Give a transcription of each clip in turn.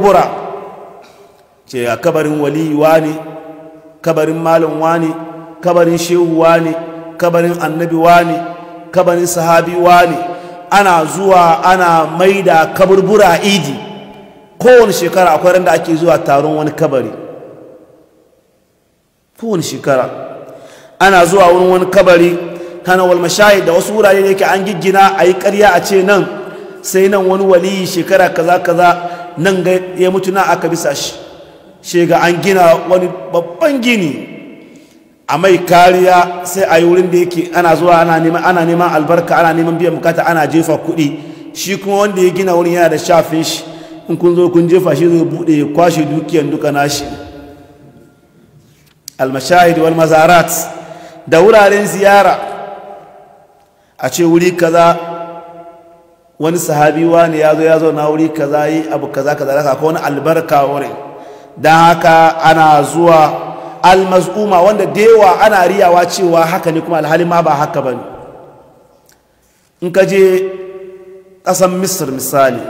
kubura ce a kabarin waliyuwa ne kabarin malamwa ne kabarin shehuwa ne kabarin annabiwa ne kabarin sahabiwa ne ana zuwa ana maida kaburbura idi kowane shekara akwai randa ake zuwa taron wani kabari kowane shekara ana zuwa wurin wani kabari kana walmashayi da wasu wurare ne ke an giggina a yi karya a ce nan sai nan wani waliyi shekara kaza kaza nan ga ya mutu na aka bisa shi ga an gina wani babban gini a mai kariya sai a yi wurin da yake ana zuwa ana neman albarka ana neman biyan bukata ana jefa kuɗi shi kuma wanda ya gina wurin yana da shafin shi in kun zo kun jefa shi zai buɗe ya kwashe dukiyan duka nashi almashahid wal mazarat da wuraren ziyara a ce wuri kaza wani sahabi wani ya zo ya zo na wuri kaza yi abu kaza kaza da ko wani albarka wuri don haka ana zuwa almaz'uma wanda dewa ana riyawa cewa haka ne kuma alhali ma ba haka ba ne in ka je ƙasan misir misali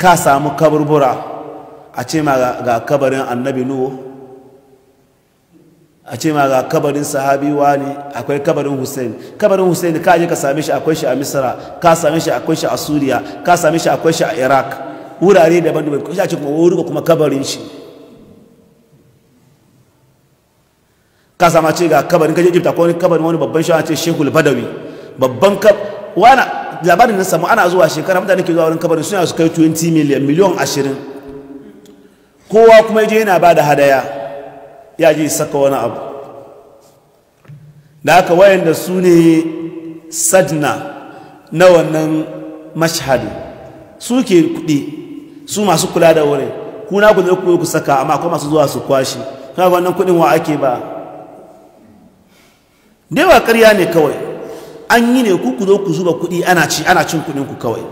ka samu kaburbura a ce ma ga kabarin annabi nuhu a ce ma ga kabarin sahabi wani akwai kabarin Hussein kabarin Hussein ka je ka same shi akwai shi a Misra ka same shi akwai shi a Suriya ka same shi akwai shi a Iraq wurare daban-daban ko shi kuma wuri kuma kabarin shi ka sama ce ga kabarin ka Egypt akwai kabarin wani babban shi a ce Sheikhul Badawi babban kab wana labarin na samu ana zuwa shekara mutane ke zuwa wurin kabarin suna su kai 20 miliyan miliyan 20 kowa kuma je yana ba da hadaya ya ji saka wani abu da wayan wayanda su ne sadna na wannan su ke kudi su masu kula da wuri kuna ku ne ku saka amma kuma masu zuwa su kwashi kuma wannan kuɗin wa ake ba da yawa karya ne kawai an yi ne ku ku zo ku zuba kuɗi ana ci ana cin kuɗin ku kawai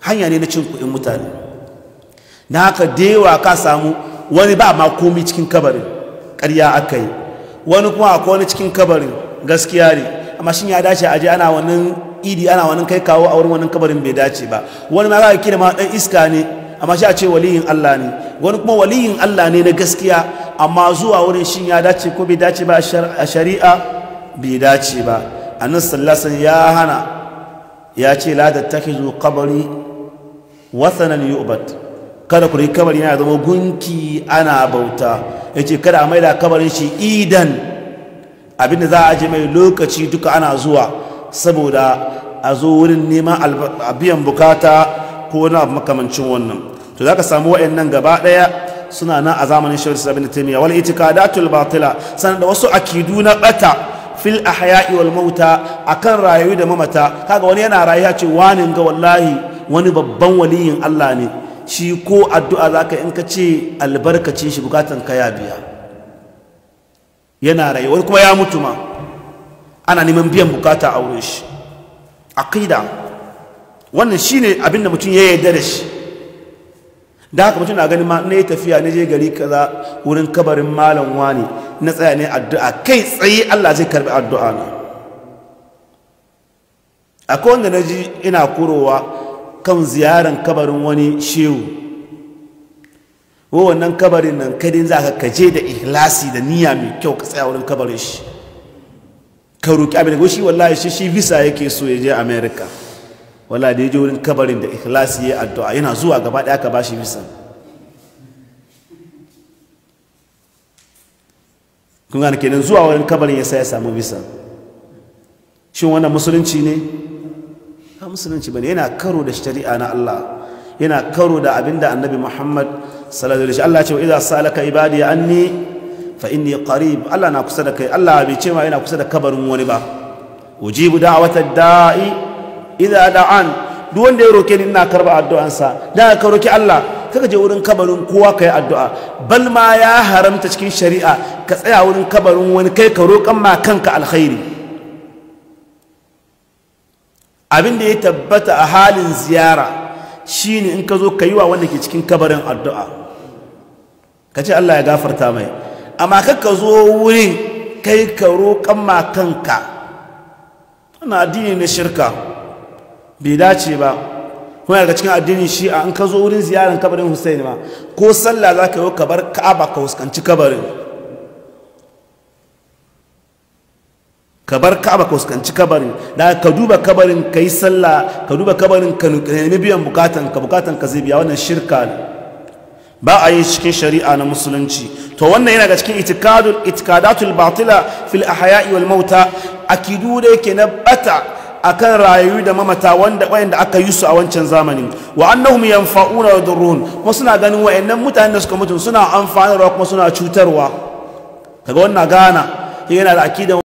hanya ne na cin kuɗin mutane na haka da yawa ka samu wani ba ma komi cikin kabarin ƙarya aka yi wani kuma a kowane cikin kabarin gaskiya ne amma shi ya dace aje ana wani idi ana wani kai kawo a wurin wani kabarin bai dace ba wani ma za ka kira ma dan iska ne amma shi a ce waliyin Allah ne wani kuma waliyin Allah ne na gaskiya amma zuwa wurin shi ya dace ko bai dace ba a shari'a bai dace ba annabi sallasan alaihi ya hana ya ce la zo kabari wathanan yu'bad kada ku yi kabari yana zama gunki ana bauta yace kada a maida kabarin shi idan abinda za a aje mai lokaci duka ana zuwa saboda a zo wurin neman biyan bukata ko na makamancin wannan to za ka samu nan gaba daya suna nan a zamanin shawar da taimiyya wal itikadatul batila sanar da wasu akidu na bata fil ahya'i wal mauta akan rayu da mamata kaga wani yana rayuwa ce wani ga wallahi wani babban waliyin Allah ne shi ko addu'a za ka in ka ce albarkacin shi bukatan ka ya biya yana rayuwar kuma ya mutu ma ana neman biyan bukata a wurin shi aqida wannan shine abin da mutum ya yarda da shi da haka mutum na gani ma na tafiya na je gari kaza wurin kabarin malam wani na tsaya ne addu'a kai tsaye Allah zai karbi addu'a na akwai wanda na ji ina kurowa kan ziyaran kabarin wani shehu ko wannan kabarin nan kadin za ka kaje da ihlasi da niyya mai kyau ka tsaya wurin kabarin shi ka roki abin da shi wallahi shi shi visa yake so ya je Amerika wallahi da ya je wurin kabarin da ihlasi ya addu'a yana zuwa gaba daya ka bashi visa kun gane kenan zuwa wurin kabarin ya sa ya samu visa shin wannan musulunci ne musulunci bane yana karo da shari'a na Allah yana karo da abinda annabi Muhammad sallallahu alaihi wasallam Allah ce wa idza salaka ibadi anni fa inni qarib Allah na kusa da kai Allah bai ce ma yana kusa da kabarin wani ba ujibu da'wata da'i idza da'an duk wanda ya roke ni ina karba addu'ansa da ka roki Allah kaka je wurin kabarin kowa kai addu'a bal ma ya haramta cikin shari'a ka tsaya wurin kabarin wani kai ka roƙan ma kanka alkhairi abin da ya tabbata a halin ziyara shine in ka zo ka yi wa wanda ke cikin kabarin addu'a ka ce Allah ya gafarta mai amma kakka zo wurin kai ka roƙon makanka kanka addini na shirka bai dace ba kuma daga cikin addinin a in ka zo wurin ziyarar kabarin Hussein ma ko sallah za ka yi ka bar ka'aba ka huskanci kabarin ka bar ka'aba ka fuskanci kabarin da ka duba kabarin ka yi sallah ka duba kabarin ka nemi biyan bukatan ka bukatan ka zai biya wannan shirka ne ba a yi cikin shari'a na musulunci to wannan yana ga cikin itikadul itikadatul batila fil ahya'i wal mauta akidu da yake na bata akan rayu da mamata wanda wayanda aka yi su a wancan zamani. wa annahum yanfa'una wa yadurrun kuma suna ganin wayannan mutanen da suka mutu suna amfanarwa kuma suna cutarwa kaga wannan gana yana da akidan